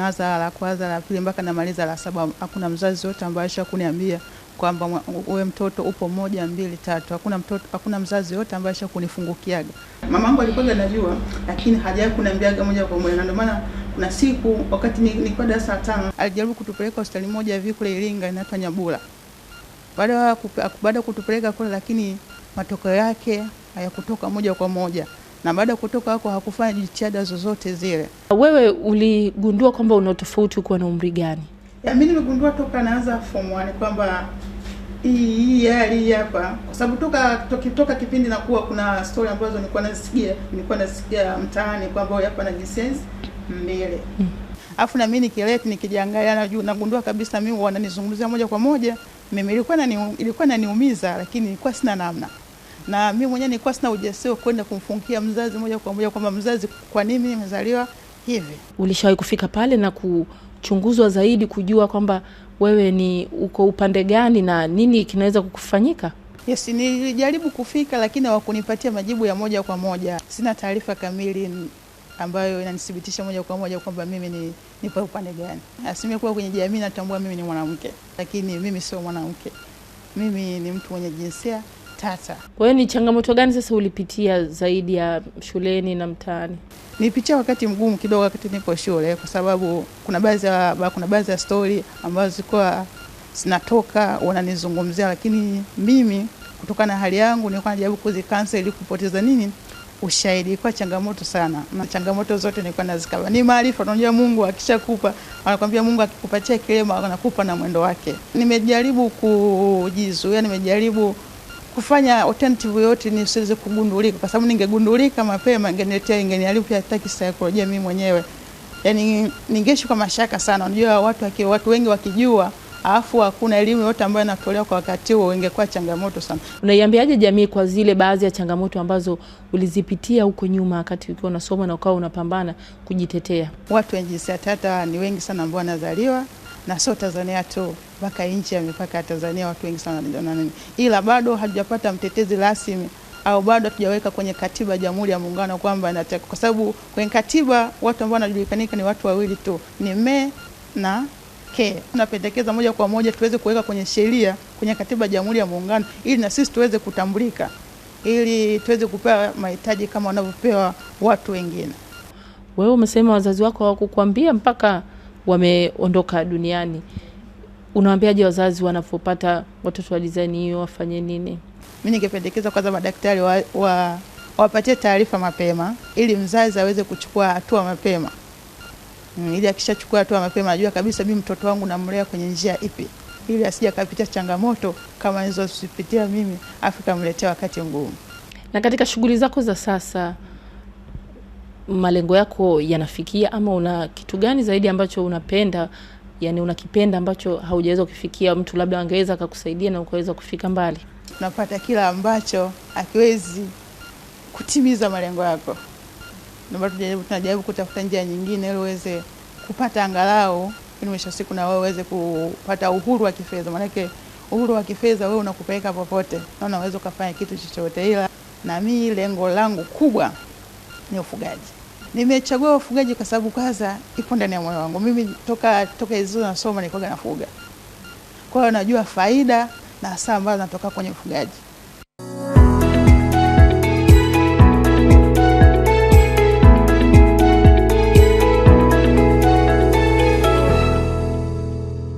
Naanza la kwanza la pili mpaka namaliza la saba, hakuna mzazi yote ambaye kuniambia kwamba wewe mtoto upo moja mbili tatu. Hakuna mtoto, hakuna mzazi yote ambaye Mama yangu alikuwa anajua, lakini hajawahi kuniambiaga moja kwa moja, na ndio maana kuna siku wakati nilikuwa darasa la tano alijaribu kutupeleka hospitali moja hivi kule Iringa, inaitwa Nyabula. Baada ya kutupeleka kule, lakini matokeo yake hayakutoka moja kwa moja na baada ya kutoka kwako hakufanya jitihada zozote zile. Wewe uligundua kwamba una tofauti ukiwa na umri gani? Mimi nimegundua toka naanza form 1 kwamba hii hali hapa, kwa sababu toka tokitoka kipindi nakuwa, kuna story ambazo nilikuwa nasikia nilikuwa nasikia mtaani kwamba huyu hapa na jinsi mbele mm. Afu na mimi nikileti nikijiangalia, juu nagundua kabisa mimi wananizungumzia moja kwa moja. Mimi ilikuwa na ilikuwa inaniumiza, lakini ilikuwa sina namna na mi mwenyewe nilikuwa sina ujasiri kwenda kumfungia mzazi moja kwa moja kwamba mzazi, kwa nini nimezaliwa hivi. Ulishawahi kufika pale na kuchunguzwa zaidi kujua kwamba wewe ni uko upande gani na nini kinaweza kukufanyika? Yes, nilijaribu kufika lakini hawakunipatia majibu ya moja kwa moja. Sina taarifa kamili ambayo inanithibitisha moja kwa moja kwamba mimi ni nipo upande gani. Asimia kuwa kwenye jamii natambua mimi ni mwanamke, lakini mimi sio mwanamke. Mimi ni mtu mwenye jinsia tata. Wewe ni changamoto gani sasa ulipitia zaidi ya shuleni na mtaani? Nilipitia wakati mgumu kidogo wakati nipo shule, kwa sababu kuna baadhi ya kuna baadhi ya stori ambazo zilikuwa zinatoka wananizungumzia, lakini mimi kutokana na hali yangu nilikuwa najaribu kuzikansel ili kupoteza nini ushahidi. Ilikuwa changamoto sana, na changamoto zote nilikuwa nazikaba. Ni maarifa, unajua Mungu akishakupa, anakwambia Mungu akikupatia kilema anakupa na mwendo wake. Nimejaribu kujizuia, nimejaribu kufanya alternative yote ni siweze kugundulika, kwa sababu ningegundulika mapema ingeniletea ingeniharibu pia hata kisaikolojia mimi mwenyewe, yani ningeishi kwa mashaka sana. Unajua watu waki, watu wengi wakijua alafu hakuna elimu yote ambayo inatolewa kwa wakati huo, ingekuwa changamoto sana. Unaiambiaje jamii kwa zile baadhi ya changamoto ambazo ulizipitia huko nyuma wakati ukiwa unasoma na ukawa unapambana kujitetea? Watu wenye jinsia tata ni wengi sana ambao wanazaliwa na sio Tanzania tu mpaka nchi ya mipaka ya Tanzania, watu wengi sana nini, ila bado hatujapata mtetezi rasmi au bado hatujaweka kwenye katiba ya Jamhuri ya Muungano kwamba inataka, kwa sababu kwenye katiba watu ambao wanajulikana ni watu wawili tu, ni me na ke. Tunapendekeza moja kwa moja tuweze kuweka kwenye sheria, kwenye katiba ya Jamhuri ya Muungano, ili na sisi tuweze kutambulika, ili tuweze kupewa mahitaji kama wanavyopewa watu wengine. Wewe umesema wazazi wako hawakukwambia mpaka wameondoka duniani unawambiaje wazazi wanapopata watoto wa design hiyo wafanye nini? Mi ningependekeza kwanza madaktari wa, wa, wapatie taarifa mapema ili mzazi aweze kuchukua hatua mapema mm, ili akishachukua hatua mapema ajua kabisa mi mtoto wangu namlea kwenye njia ipi, ili asija akapitia changamoto kama nizozipitia mimi afu kamletea wakati ngumu Na katika shughuli zako za sasa malengo yako yanafikia ama una kitu gani zaidi ambacho unapenda yani unakipenda ambacho haujaweza kufikia, mtu labda angeweza akakusaidia na ukaweza kufika mbali. Napata kila ambacho akiwezi kutimiza malengo yako, tunajaribu kutafuta njia nyingine ili uweze kupata angalau, ili mwisho siku na wewe uweze kupata uhuru wa kifedha, maanake uhuru wa kifedha wewe unakupeleka popote na unaweza ukafanya kitu chochote, ila na mimi lengo langu kubwa ni ufugaji. Nimechagua ufugaji kwa sababu kwanza ipo ndani ya moyo wangu. Mimi toka toka hizo nasoma nilikuwa nafuga, kwa hiyo najua faida na hasara ambazo natoka kwenye ufugaji.